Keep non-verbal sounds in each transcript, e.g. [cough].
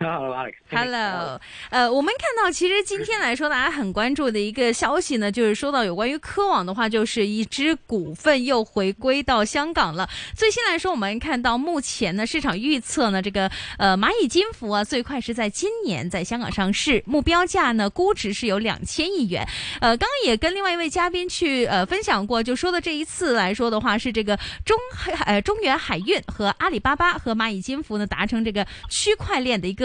Hello。呃，我們看到其實今天來說，大家很關注的一個消息呢，就是說到有關於科網的話，就是一隻股份又回歸到香港了。最新來說，我們看到目前呢，市場預測呢，這個呃螞蟻金服啊，最快是在今年在香港上市，目標價呢，估值是有兩千億元。呃，剛剛也跟另外一位嘉賓去呃分享過，就說的這一次來說的話，是這個中海呃中遠海運和阿里巴巴和螞蟻金服呢達成這個區塊鏈的一個。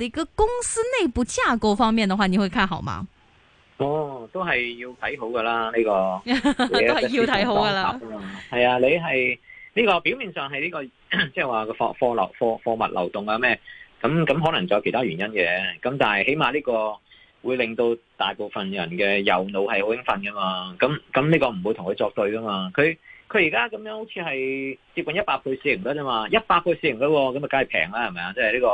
你個公司內部架構方面的話，你會看好嗎？哦，都係要睇好噶啦，呢、這個 [laughs] 都係要睇好噶啦。係啊，你係呢、這個表面上係呢、這個，即係話個貨貨流貨貨物流動啊咩？咁咁可能仲有其他原因嘅。咁但係起碼呢個會令到大部分人嘅右腦係好興奮噶嘛。咁咁呢個唔會同佢作對噶嘛。佢。佢而家咁樣好似係接近一百倍市盈率啫嘛，一百倍市盈率喎，咁啊梗係平啦，係咪啊？即係呢個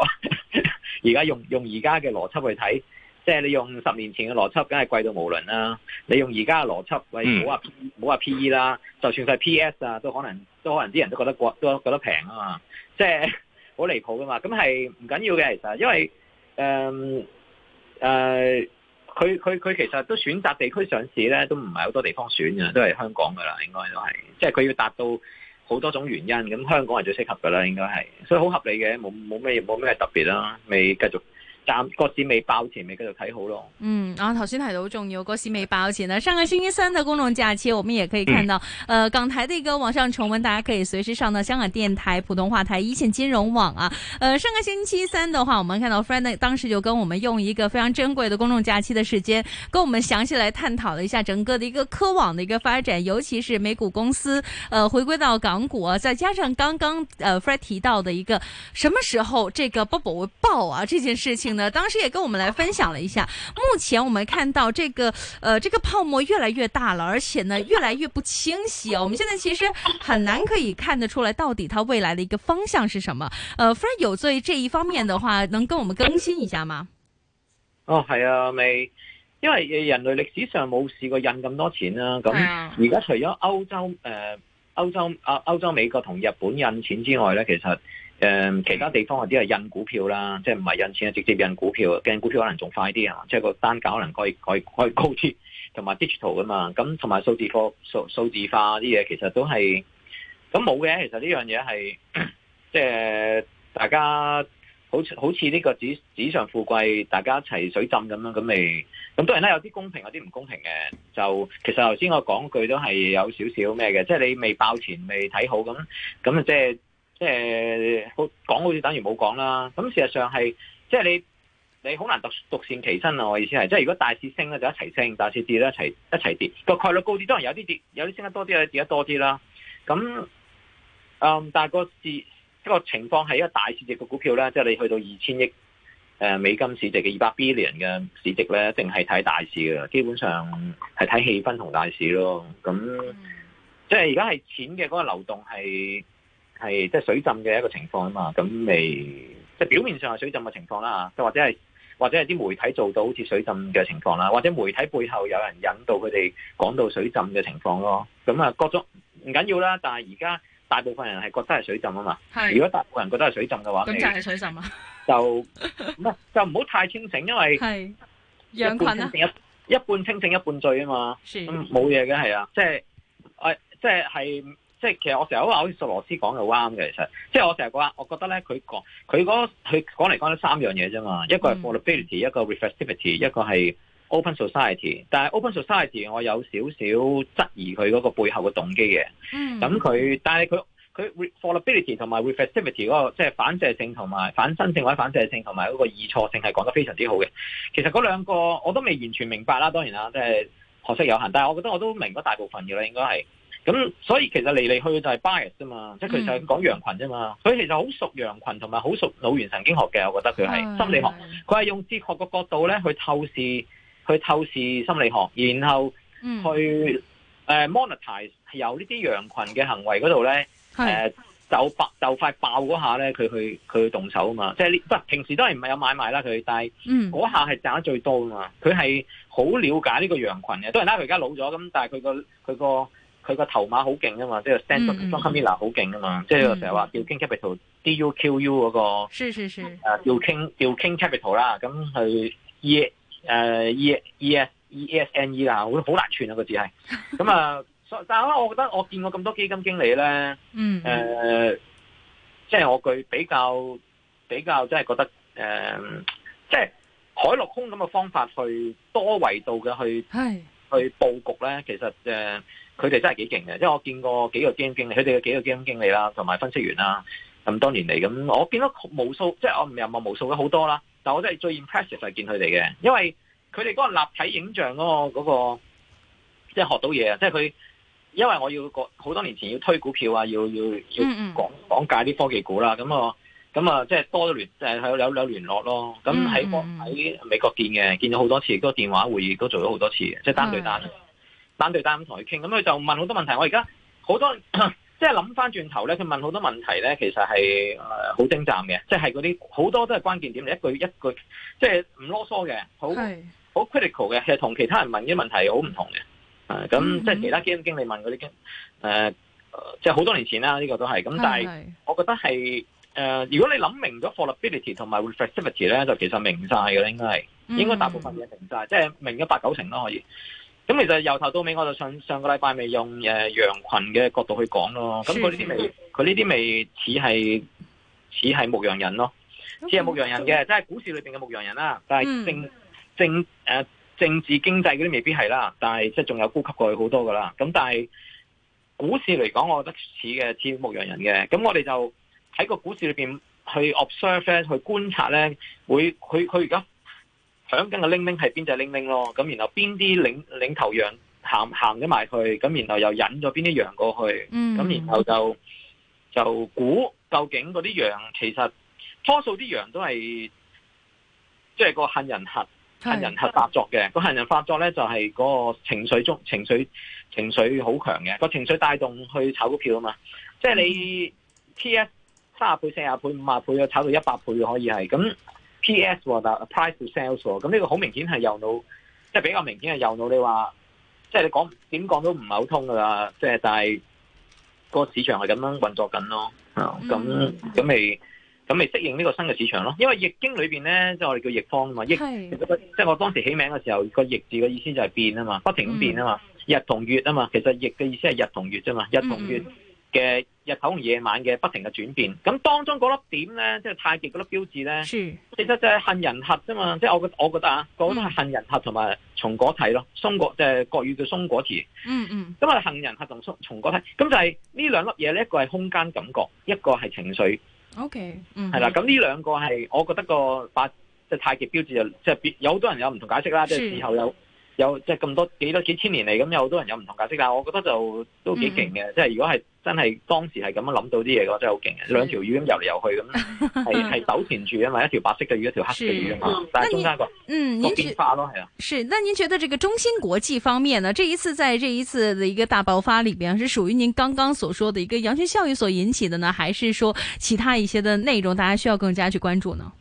而家用用而家嘅邏輯去睇，即係你用十年前嘅邏輯，梗係貴到無倫啦。你用而家嘅邏輯，喂，冇話冇話 P E 啦，就算佢係 P S 啊，都可能都可能啲人都覺得都覺得平啊嘛，即係好離譜噶嘛。咁係唔緊要嘅，其實因為誒誒。呃呃佢佢佢其實都選擇地區上市呢，都唔係好多地方選嘅，都係香港㗎喇，應該都係，即係佢要達到好多種原因，咁香港係最適合㗎喇，應該係，所以好合理嘅，冇冇咩冇咩特別啦，未繼續。暫個市未爆前，咪繼續睇好咯。嗯，啊，頭先提到好重要，個市未爆前。上個星期三的公眾假期，我們也可以看到，誒、嗯呃、港台的一個網上重溫，大家可以隨時上到香港電台普通話台、一線金融網啊。誒、呃、上個星期三的話，我們看到 Frank 當時就跟我們用一個非常珍貴的公眾假期的時間，跟我們詳細來探討了一下整個的一個科網的一個發展，尤其是美股公司，呃，回歸到港股啊，再加上剛剛呃 Frank 提到的一個什麼時候這個 bubble 會爆啊，這件事情。當時也跟我們來分享了一下，目前我們看到這個呃這個泡沫越來越大了，而且呢越來越不清晰。我們現在其實很難可以看得出來到底它未來的一個方向是什麼？呃 Frank 有在這一方面的話，能跟我們更新一下嗎？哦，係啊，咪，因為人類歷史上冇試過印咁多錢啊。咁而家除咗歐洲誒、呃、歐洲啊、呃歐、呃、歐洲美國同日本印錢之外呢，其實。誒，um, 其他地方或者係印股票啦，即係唔係印錢啊，直接印股票，印股票可能仲快啲啊，即係個單價可能可以可以，可以高啲，同埋 digital 噶嘛，咁同埋數字數數字化啲嘢，其實都係咁冇嘅。其實呢樣嘢係即係大家好似好似呢個紙紙上富貴，大家一齊水浸咁樣，咁未咁當然啦，有啲公平，有啲唔公平嘅。就其實頭先我講句都係有少少咩嘅，即係你未爆前未睇好咁，咁即係。即係講好似等於冇講啦，咁事實上係即係你你好難獨獨善其身啊！我意思係，即係如果大市升咧就一齊升，大市跌咧一齊一齊跌。個概率高啲，當然有啲跌，有啲升得多啲，有啲跌得多啲啦。咁，嗯，但係個市一個情況係一個大市值嘅股票咧，即係你去到二千億誒美金市值嘅二百 billion 嘅市值咧，一定係睇大市嘅，基本上係睇氣氛同大市咯。咁即係而家係錢嘅嗰個流動係。係即係水浸嘅一個情況啊嘛，咁未，即係表面上係水浸嘅情況啦，吓，或者係或者係啲媒體做到好似水浸嘅情況啦，或者媒體背後有人引導佢哋講到水浸嘅情況咯，咁啊各種唔緊要啦，但係而家大部分人係覺得係水浸啊嘛，係是如果大部分人覺得係水浸嘅話，咁是就係水浸啊就， [laughs] 就唔啊就唔好太清醒，因為係氧一一半清醒，一半，清醒，一，半清醒一半醉啊嘛，冇嘢嘅係啊，即係誒即係係。即係其實我成日都話好似索羅斯講嘅好啱嘅，其實即係我成日講，我覺得咧佢、那個、講佢佢講嚟講去三樣嘢啫嘛，一個係 fallibility 一個 reflexivity，一個係 open society。但係 open society 我有少少質疑佢嗰個背後嘅動機嘅。咁佢、嗯、但係佢佢 fallibility 同埋 reflexivity 嗰個即係、就是、反射性同埋反身性或者反射性同埋嗰個易錯性係講得非常之好嘅。其實嗰兩個我都未完全明白啦，當然啦，即、就、係、是、學識有限，但係我覺得我都明咗大部分嘅啦，應該係。咁所以其實嚟嚟去去就係 bias 啫嘛，即係佢就係講羊群啫嘛。佢其實好熟羊群同埋好熟腦源神經學嘅，我覺得佢係是的 心理學。佢係用哲學個角度咧去透視，去透視心理學，然後去 monetize、嗯、由呢啲羊群嘅行為嗰度咧就爆就快爆嗰下咧，佢去佢去動手啊嘛。即係呢不平時都係唔係有買賣啦佢，但係嗰下係賺得最多啊嘛。佢係好了解呢個羊群嘅，都係拉佢而家老咗咁，但係佢個佢個。佢個頭馬好勁噶嘛，即係 Central c o m i l 好勁噶嘛，即係成日話叫 King Capital D U Q U 嗰個，誒叫 King 叫 King Capital 啦，咁去 E 誒 E E S E S N E 啦，好難串啊個字係，咁啊，但係我覺得我見過咁多基金經理咧，誒，即係我佢比較比較，即係覺得誒，即係海陸空咁嘅方法去多維度嘅去去佈局咧，其實誒。佢哋真係幾勁嘅，因為我見過幾個基金經理，佢哋嘅幾個基金經理啦，同埋分析員啦。咁，嗯，多年嚟，咁我見到無數，即係我唔係話無數嘅好多啦。但我真係最 impressive 係見佢哋嘅，因為佢哋嗰個立體影像嗰、嗰個、嗰個、即係學到嘢啊！即係佢，因為我要好多年前要推股票啊，要要要講講解啲科技股啦。咁啊，咁啊，即係多咗聯誒有有有聯絡咯。咁喺喺美國見嘅，見咗好多次，都電話會議都做咗好多次，即係單對單。單對單同佢傾，咁佢就問好多問題。我而家好多即係諗翻轉頭咧，佢問好多問題咧，其實係好、呃、精湛嘅，即係嗰啲好多都係關鍵點，一句一句即係唔囉嗦嘅，好好是 critical 嘅，其實同其他人問啲問題好唔同嘅。咁即係其他基金經理問嗰啲經，即係好多年前啦，呢、這個都係咁。但係我覺得係、呃、如果你諗明咗 fallibility 同埋 reflexivity 咧，就其實明晒嘅，應該係應該大部分嘢明晒，嗯、即係明咗八九成都可以。咁其實由頭到尾，我就上上個禮拜未用誒羊群嘅角度去講咯。咁佢呢啲未，佢呢啲似係似係牧羊人咯，似係牧羊人嘅，嗯、即係股市裏面嘅牧羊人啦。但係政政誒政治經濟嗰啲未必係啦，但係即仲有高級過佢好多噶啦。咁但係股市嚟講，我覺得似嘅似牧羊人嘅。咁我哋就喺個股市裏面去 observe 呢，去觀察咧，會佢佢而家。響緊個鈴鈴係邊隻鈴鈴咯，咁然後邊啲領、領頭羊行行咗埋去，咁然後又引咗邊啲羊過去，咁、嗯、然後就就估，究、究竟嗰啲羊其實多數啲羊都係即係個杏仁核是杏仁核發作嘅，個杏仁發作咧就係、是、個情緒中情緒情緒好強嘅個情緒帶動去炒股票啊嘛，即係你 T S 三十倍四十倍五十倍又炒到一百倍可以係咁。P.S. 喎，但 price to sales 喎，咁呢個好明顯係右腦，即、就、係、是、比較明顯係右腦你說。就是、你話，即係你講點講都唔係好通噶啦，即、就、係、是、但係個市場係咁樣運作緊咯。啊、嗯，咁咁咪咁咪適應呢個新嘅市場咯。因為易經裏邊咧，即、就、係、是、我哋叫易方啊嘛，易是即係我當時起名嘅時候，個易字嘅意思就係變啊嘛，不停咁變啊嘛，嗯、日同月啊嘛。其實易嘅意思係日同月啫嘛，日同月。嗯嘅日頭同夜晚嘅不停嘅轉變，咁當中嗰粒點咧，即係太極嗰粒標誌咧，是其實就係杏仁核啫嘛，即係我我我覺得啊，嗰都係杏仁核同埋松果體咯，松果即係、就是、國語叫松果體、嗯。嗯嗯，咁啊杏仁核同松松果體，咁就係呢兩粒嘢咧，一個係空間感覺，一個係情緒。O、okay, K，嗯，係啦吧，咁呢兩個係，我覺得個八即係太極標誌啊，即、就、係、是、有好多人有唔同解釋啦，即係事後有。有即係咁多幾多幾千年嚟，咁，有好多人有唔同解釋，但我覺得就都幾勁嘅。嗯、即係如果係真係當時係咁樣諗到啲嘢嘅話，真係好勁嘅。兩條、嗯、魚咁游嚟游去咁，係係糾纏住啊嘛，一條白色嘅魚，一條黑色嘅魚啊嘛。是但係中間、嗯那個嗯您個變化咯，係啊。是，那您覺得這個中芯國際方面呢？這一次在這一次的一個大爆發裏邊，是屬於您剛剛所說的一個羊群效應所引起的呢，還是說其他一些的內容，大家需要更加去關注呢？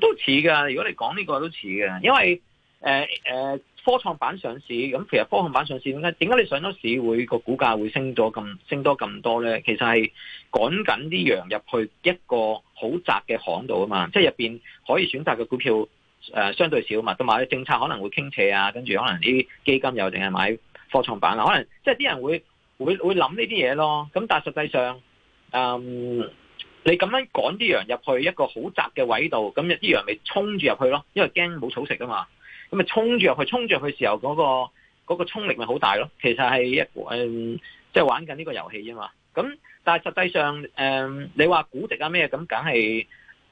都似噶，如果你講呢個都似噶，因為。誒誒，嗯嗯科創板上市咁，其實科創板上市點解？點解你上咗市會個股價會升咗咁升多咁多咧？其實係趕緊啲羊入去一個好窄嘅巷度啊嘛，即係入邊可以選擇嘅股票誒、呃、相對少啊嘛，同埋政策可能會傾斜啊，跟住可能啲基金又淨係買科創板啊，可能即係啲人會會會諗呢啲嘢咯。咁但係實際上，嗯，你咁樣趕啲羊入去一個好窄嘅位度，咁啲羊咪衝住入去咯，因為驚冇草食啊嘛。咁咪衝住入去，衝着去時候嗰、那個嗰、那個、衝力咪好大咯。其實係一即係、嗯就是、玩緊呢個遊戲啫嘛。咁但係實際上誒、嗯，你話估值啊咩咁，梗係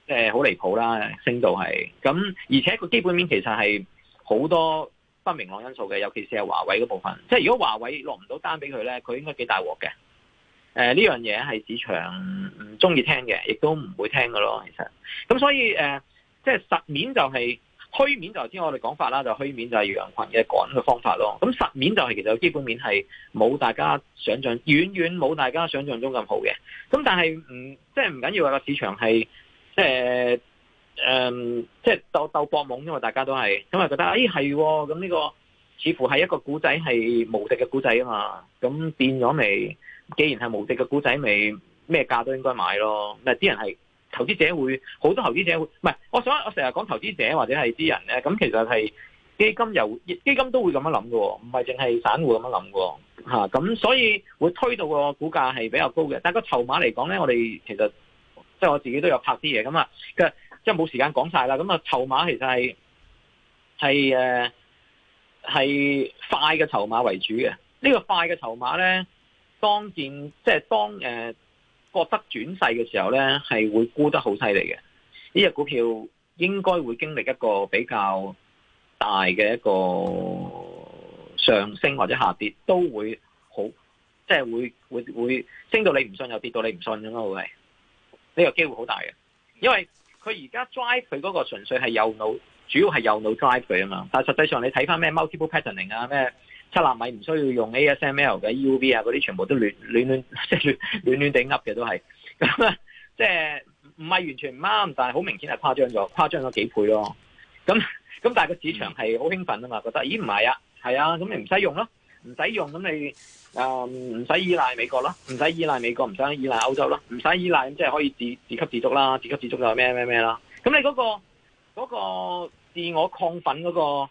誒好離譜啦，升到係。咁而且個基本面其實係好多不明朗因素嘅，尤其是係華為嗰部分。即係如果華為落唔到單俾佢咧，佢應該幾大鑊嘅。誒、呃、呢樣嘢係市場唔中意聽嘅，亦都唔會聽㗎咯。其實，咁所以誒，即係實面就係、是就是。虛面就係我哋講法啦，就虛面就係羊群嘅趕嘅方法咯。咁實面就係其實基本面係冇大家想象，遠遠冇大家想象中咁好嘅。咁但係唔即係唔緊要，個市場係即係誒，即係鬥鬥搏懵，因為大家都係咁為覺得咦，係咁呢個似乎係一個古仔係無敵嘅古仔啊嘛。咁變咗未？既然係無敵嘅古仔，咪咩價都應該買咯。咪啲人係。投資者會好多投資者會唔係，我想我成日講投資者或者係啲人咧，咁其實係基金又基金都會咁樣諗喎，唔係淨係散戶咁樣諗嘅吓。咁所以會推到個股價係比較高嘅，但係個籌碼嚟講咧，我哋其實即係、即係、我自己都有拍啲嘢咁啊，即係冇時間講晒啦。咁啊籌碼其實係係誒係快嘅籌碼為主嘅，呢、呢個快嘅籌碼咧，當戰，即、就、係、是、當誒。呃覺得轉勢嘅時候呢，係會沽得好犀利嘅。呢隻股票應該會經歷一個比較大嘅一個上升或者下跌，都會好，即係會會會升到你唔信，又跌到你唔信咁咯，會。呢個機會好大嘅，因為佢而家 drive 佢嗰個純粹係右腦，主要係右腦 drive 佢啊嘛。但係實際上你睇翻咩 multiple patterning 啊咩？七納米唔需要用 ASML 嘅 EUV 啊，嗰啲全部都亂亂亂，即係亂亂，亂，亂，亂地噏嘅都係，咁 [laughs] 啊、就是，即係唔係完全唔啱，但係好明顯係誇張咗，誇張咗幾倍咯。咁 [laughs] 咁但係個市場係好興奮啊嘛，覺得咦唔係啊，係啊，咁你唔使用咯，唔使用咁你誒唔使依賴美國咯，唔使依賴美國，唔使依賴歐洲咯，唔使依賴咁即係可以自自給自足啦，自給自足就咩咩咩啦。咁你嗰、那個那個那個自我亢奮嗰、那個。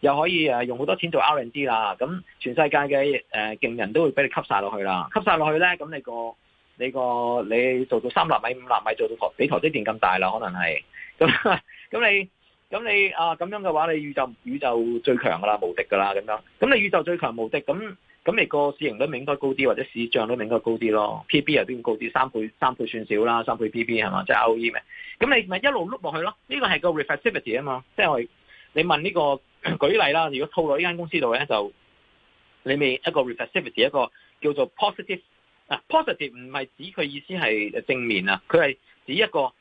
又可以誒用好多錢做 R&D 啦，咁全世界嘅誒、呃、勁人都會俾你吸晒落去啦，吸晒落去咧，咁你個你個你做到三納米五納米做到台比台積電咁大啦，可能係咁咁你咁你啊咁樣嘅話，你宇宙宇宙最強噶啦，無敵噶啦咁樣，咁你宇宙最強的無敵，咁咁你個市盈率咪應該高啲，或者市漲率咪應該高啲咯，P/B 又邊高啲，三倍三倍算少啦，三倍 P/B 係、就是 e, 這個、嘛，即係 ROE 咩？咁你咪一路碌落去咯，呢個係個 reflexivity 啊嘛，即係你問呢、這個。舉例啦，如果套落呢間公司度咧，就裡面一個 reflexivity，一個叫做 positive，啊 positive，啊 positive 唔係指佢意思係正面啊，佢係指一個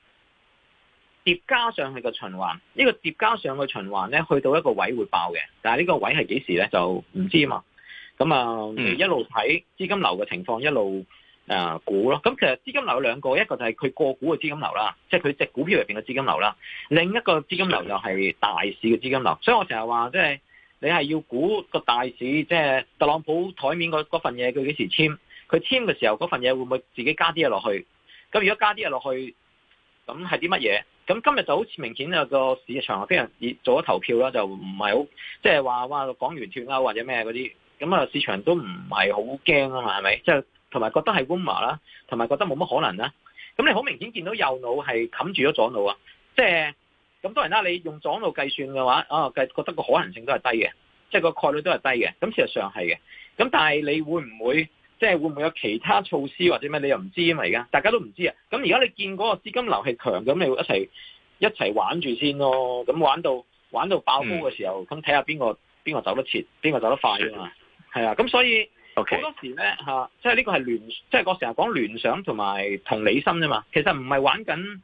疊加上去嘅循環，呢個疊加上去循環咧，去到一個位會爆嘅，但係呢個位係幾時咧就唔知啊嘛，咁啊、嗯、一路睇資金流嘅情況一路。誒、啊、股咯，咁其實資金流有兩個，一個就係佢個股嘅資金流啦，即係佢隻股票入邊嘅資金流啦。另一個資金流就係大市嘅資金流。所以我成日話，即、就、係、是、你係要估個大市，即、就、係、是、特朗普台面嗰份嘢，佢幾時簽？佢簽嘅時候嗰份嘢會唔會自己加啲嘢落去？咁如果加啲嘢落去，咁係啲乜嘢？咁今日就好似明顯啊、就是那個市場啊，啲人做咗投票啦，就唔係好即係話哇港元脫鈎或者咩嗰啲，咁啊市場都唔係好驚啊嘛，係咪？即係。同埋覺得係 warmer 啦，同埋覺得冇乜可能啦。咁你好明顯見到右腦係冚住咗左腦啊！即係咁當然啦，你用左腦計算嘅話，啊覺得個可能性都係低嘅，即係個概率都係低嘅。咁事實上係嘅。咁但係你會唔會即係會唔會有其他措施或者咩？你又唔知啊，因為而家大家都唔知啊。咁而家你見嗰個資金流係強，咁你會一齊一齊玩住先咯。咁玩到玩到爆煲嘅時候，咁睇下邊個邊個走得切，邊個走得快啊嘛。係啊，咁所以。好 Okay. 多時咧吓，即係呢個係聯，即係我成日講聯想同埋同理心啫嘛。其實唔係玩緊，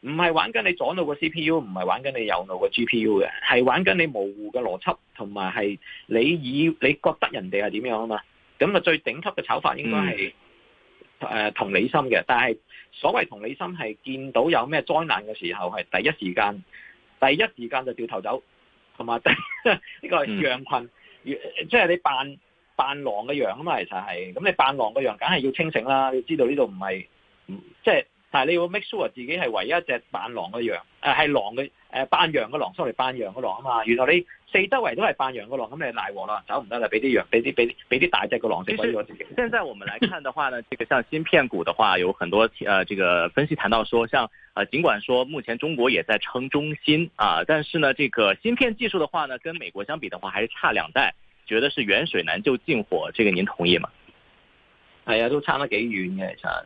唔係玩緊你左腦個 C P U，唔係玩緊你右腦個 G P U 嘅，係玩緊你模糊嘅邏輯同埋係你以你覺得人哋係點樣啊嘛。咁啊最頂級嘅炒法應該係誒同理心嘅。但係所謂同理心係見到有咩災難嘅時候，係第一時間，第一時間就掉頭走，同埋呢個是羊群，mm. 即係你扮。扮狼嘅羊啊嘛，其實係咁，你扮狼嘅羊，梗係要清醒啦，要知道呢度唔係唔即係，但係你要 make sure 自己係唯一一隻扮狼嘅羊，誒、呃、係狼嘅誒、呃、扮羊嘅狼，出嚟扮羊嘅狼啊嘛，原來你四周圍都係扮羊嘅狼，咁你賴鑊啦，走唔得啦，俾啲羊，俾啲俾啲俾啲大隻嘅狼。其實是現在我們來看的話呢，這個像芯片股的話，有很多誒、呃，這個分析談到說，像誒、呃、儘管說目前中國也在撐中芯啊、呃，但是呢，這個芯片技術的話呢，跟美國相比的話，還是差兩代。覺得是遠水難救近火，這個您同意嘛？係啊，都差得幾遠嘅，其實。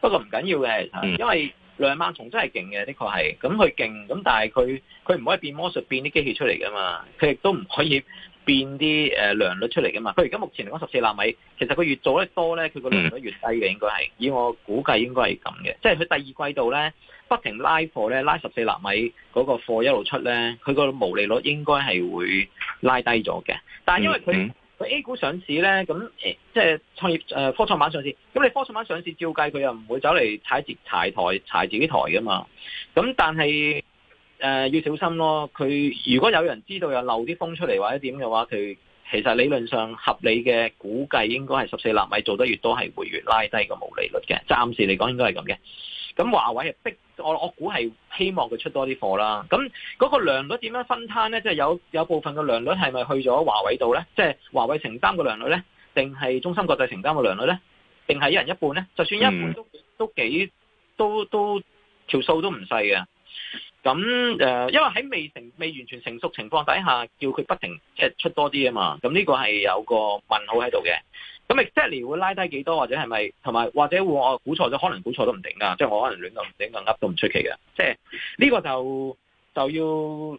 不過唔緊要嘅，嗯、因為兩蚊重真係勁嘅，的確係。咁佢勁，咁但係佢佢唔可以變魔術變啲機器出嚟噶嘛？佢亦都唔可以變啲誒良率出嚟噶嘛？佢而家目前嚟講十四納米，其實佢越做得多咧，佢個良率越低嘅，應該係。以我估計應該係咁嘅，即係佢第二季度咧不停拉貨咧，拉十四納米嗰個貨一路出咧，佢個毛利率應該係會。拉低咗嘅，但係因為佢佢、嗯嗯、A 股上市咧，咁即係創業誒、呃、科創板上市，咁你科創板上市照計，佢又唔會走嚟踩自踩台踩自己台㗎嘛，咁但係誒、呃、要小心咯。佢如果有人知道有漏啲風出嚟或者點嘅話，佢其實理論上合理嘅估計應該係十四納米做得越多係會越拉低個毛利率嘅，暫時嚟講應該係咁嘅。咁華為係逼我，我估係希望佢出多啲貨啦。咁嗰個良率點樣分攤咧？即係有有部分嘅良率係咪去咗華為度咧？即係華為承擔個良率咧，定係中芯國際承擔個良率咧，定係一人一半咧？就算一半都都幾都都條數都唔細嘅。咁誒，因為喺未成未完全成熟情況底下，叫佢不停即係出多啲啊嘛。咁呢個係有個問號喺度嘅。咁 exactly [noise] 會拉低幾多，或者係咪同埋或者我估錯咗，可能估錯都唔定㗎，即係我可能亂噏亂咁噏都唔出奇㗎。即係呢個就就要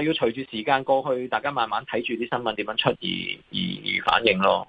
就要隨住時間過去，大家慢慢睇住啲新聞點樣出而而而反應咯。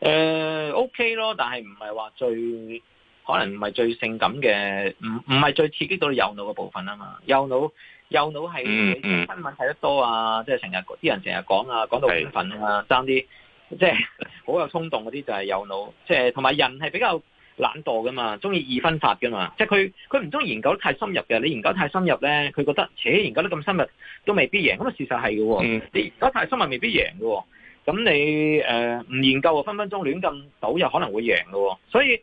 誒，O K 咯，但係唔係話最可能唔係最性感嘅，唔唔係最刺激到你右腦嘅部分啊嘛。右腦右腦係新聞睇得多啊，嗯、即係成日啲人成日講啊，講到興奮啊，爭啲是即係好有衝動嗰啲就係右腦。即係同埋人係比較懶惰噶嘛，中意二分法噶嘛。即係佢佢唔中意研究得太深入嘅，你研究得太深入咧，佢覺得，且、哎、研究得咁深入都未必贏。咁啊，事實係嘅、哦，嗯、你研究太深入未必贏嘅、哦。咁你誒唔、呃、研究啊，分分鐘亂咁倒又可能會贏嘅喎，所以誒、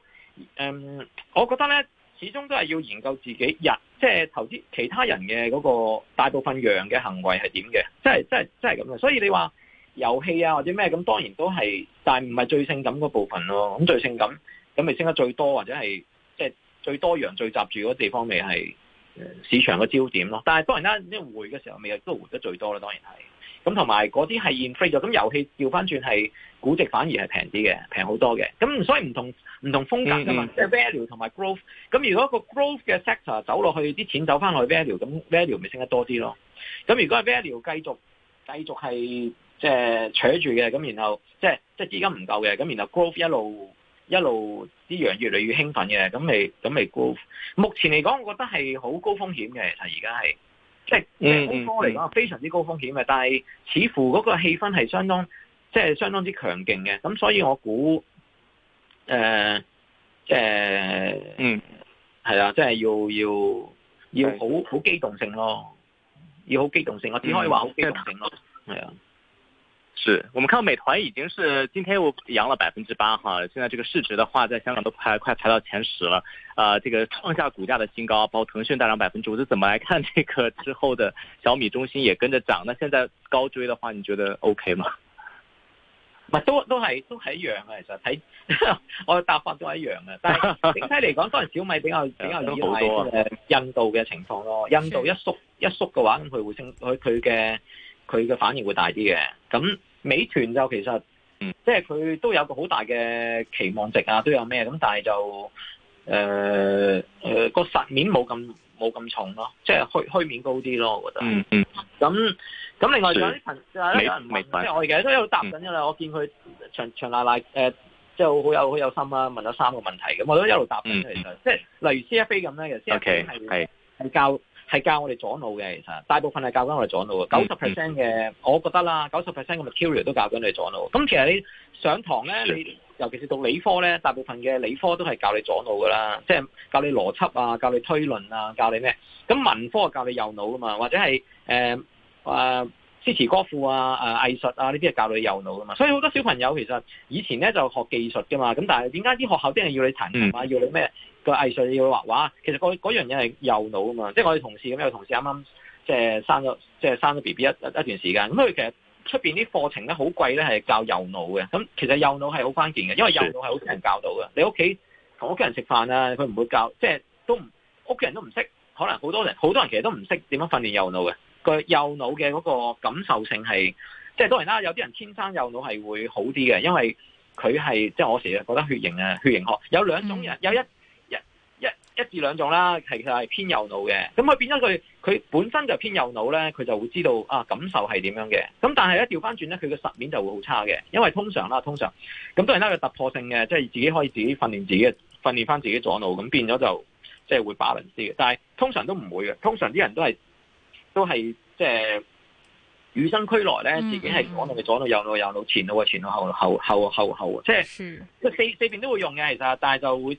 嗯，我覺得咧，始終都係要研究自己日即係、就是、投資其他人嘅嗰個大部分羊嘅行為係點嘅，即係即係即係咁嘅。所以你話遊戲啊或者咩咁、就是，當然都係，但係唔係最性感嗰部分咯。咁最性感咁咪升得最多或者係即係最多羊、聚集住嗰地方咪係市場嘅焦點咯。但係當然啦，呢回嘅時候咪亦都回得最多啦，當然係。咁同埋嗰啲係 inflate 咗，咁遊戲調翻轉係估值反而係平啲嘅，平好多嘅。咁所以唔同唔同風格㗎嘛，即係、嗯嗯、value 同埋 growth。咁如果個 growth 嘅 sector 走落去，啲錢走翻落去 value，咁 value 咪升得多啲咯。咁如果係 value 繼續繼續係即係扯住嘅，咁然後即係即係資金唔夠嘅，咁然後 growth 一路一路啲人越嚟越興奮嘅，咁咪咁咪 growth。目前嚟講，我覺得係好高風險嘅，其實而家係。即係美股嚟講，非常之高風險嘅，嗯嗯、但係似乎嗰個氣氛係相當，即係相當之強勁嘅，咁所以我估，誒、呃，即係，嗯，係啦，即係要要要好好機動性咯，要好機動性，我只可以話好機動性咯，係啊。是我們看到美團已經是今天又揚了百分之八哈，現在這個市值的話，在香港都排快排到前十了，啊、呃，這個創下股價的新高，包括騰訊大漲百分之五，就怎麼來看這個之後的小米中心也跟着漲，那現在高追的話，你覺得 OK 嗎？都都係都係一樣嘅，其實睇我嘅答法都係一樣嘅，但係整體嚟講，當然小米比較 [laughs] 比較依賴誒印度嘅情況咯，印度一縮一縮嘅話，咁佢會升佢佢嘅。佢嘅反應會大啲嘅，咁美團就其實，嗯，即係佢都有一個好大嘅期望值啊，都有咩咁，但係就誒誒、呃呃、個實面冇咁冇咁重咯，即係虛虛面高啲咯，我覺得。嗯嗯。咁、嗯、咁，另外仲有啲朋友咧，唔使外嘅，有美都一路答緊嘅啦。嗯、我見佢長長賴賴誒，即係好有好有心啦、啊，問咗三個問題咁，嗯、我都一路答緊其實。嗯嗯、即係例如 CFA 咁咧，其實 okay, CFA，係係教。係教我哋左腦嘅，其實大部分係教緊我哋左腦喎，九十 percent 嘅我覺得啦，九十 percent 嘅 material 都教緊你左腦。咁其實你上堂咧，你尤其是讀理科咧，大部分嘅理科都係教你左腦噶啦，即係教你邏輯啊，教你推論啊，教你咩？咁文科係教你右腦噶嘛，或者係誒誒詩詞歌賦啊、誒、啊、藝術啊呢啲係教你右腦噶嘛。所以好多小朋友其實以前咧就學技術噶嘛，咁但係點解啲學校啲人要你彈琴啊，mm hmm. 要你咩？個藝術要畫畫，其實嗰樣嘢係右腦啊嘛，即我哋同事咁，有同事啱啱即係生咗，即係生咗 B B 一一段時間，咁佢其實出面啲課程咧好貴咧，係教右腦嘅。咁其實右腦係好關鍵嘅，因為右腦係好少人教到嘅。你屋企同屋企人食飯啊，佢唔會教，即係都唔，屋企人都唔識，可能好多人好多人其實都唔識點樣訓練右腦嘅。個右腦嘅嗰個感受性係，即係當然啦，有啲人天生右腦係會好啲嘅，因為佢係即係我成日覺得血型啊，血型學有兩種人，有一、嗯。一至兩種啦，其實係偏右腦嘅，咁佢變咗佢，佢本身就偏右腦咧，佢就會知道啊感受係點樣嘅。咁但係咧調翻轉咧，佢嘅實面就會好差嘅，因為通常啦，通常咁都係拉佢突破性嘅，即係自己可以自己訓練自己，嘅，訓練翻自己左腦，咁變咗就即係會 balance 啲嘅。但係通常都唔會嘅，通常啲人都係都係即係與生俱來咧，嗯、自己係講到嘅左腦、右腦、右腦、前腦、前腦、後腦、後腦、後腦後腦後後後，即係的四四邊都會用嘅，其實，但係就會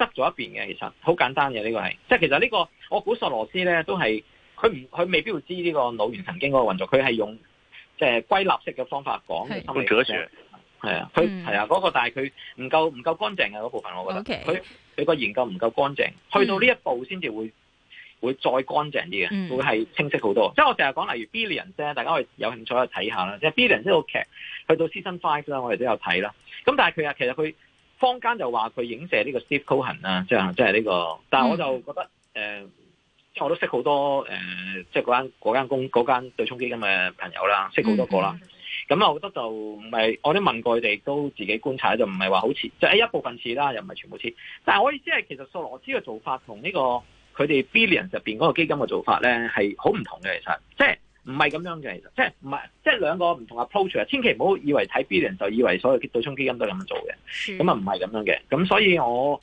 執咗一邊嘅，其實好簡單嘅呢、這個係，即係其實、這個、呢個我估索羅斯咧都係，佢唔佢未必會知呢個腦源神經嗰個運作，佢係用即係歸納式嘅方法講，係咪啊，佢係啊嗰個，但係佢唔夠唔夠乾淨嘅嗰部分，我覺得，佢佢個研究唔夠乾淨，去到呢一步先至會、嗯、會再乾淨啲嘅，嗯、會係清晰好多。即係我成日講，例如 Billions 大家可以有興趣去睇下啦，即、就、係、是、Billions 呢部、嗯、劇，去到 Season Five 啦，我哋都有睇啦。咁但係佢啊，其實佢。坊間就話佢影射呢個 Steve Cohen 啊、嗯，即係即係呢個，但係我就覺得誒，即、嗯呃、我都識好多誒，即係嗰間嗰間公嗰間對沖基金嘅朋友啦，識好多個啦，咁啊、嗯，我覺得就唔係，我都問過佢哋都自己觀察，就唔係話好似，即、就、係、是、一部分似啦，又唔係全部似，但係我意思係其實索羅斯嘅做法同呢、這個佢哋 Billions 入邊嗰個基金嘅做法咧係好唔同嘅，其實即、就是唔係咁樣嘅，其實即係唔係，即係兩個唔同嘅 approach 啊！千祈唔好以為睇 building 就以為所有對沖基金都咁做嘅，咁啊唔係咁樣嘅，咁所以我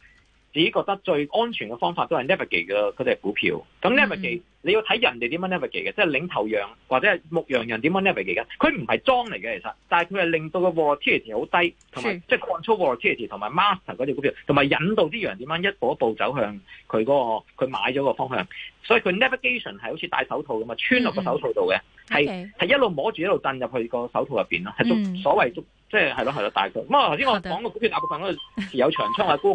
自己覺得最安全嘅方法都係 navigation 股票。咁 navigation 你要睇人哋點樣 navigation 嘅，即係、嗯、領頭羊或者牧羊人點樣 navigation 嘅。佢唔係莊嚟嘅其實是，但係佢係令到個 volatility 好低，同埋即係 control volatility 同埋 master 嗰隻股票，同埋引導啲羊點樣一步一步走向佢嗰、那個佢買咗個方向。所以佢 navigation 係好似戴手套咁啊，穿落個手套度嘅，係係一路摸住一路震入去個手套入邊咯，係做、嗯、所謂做即係係咯係咯大概。咁啊頭先我講嘅股票大的部分都持有長倉啊。 [laughs]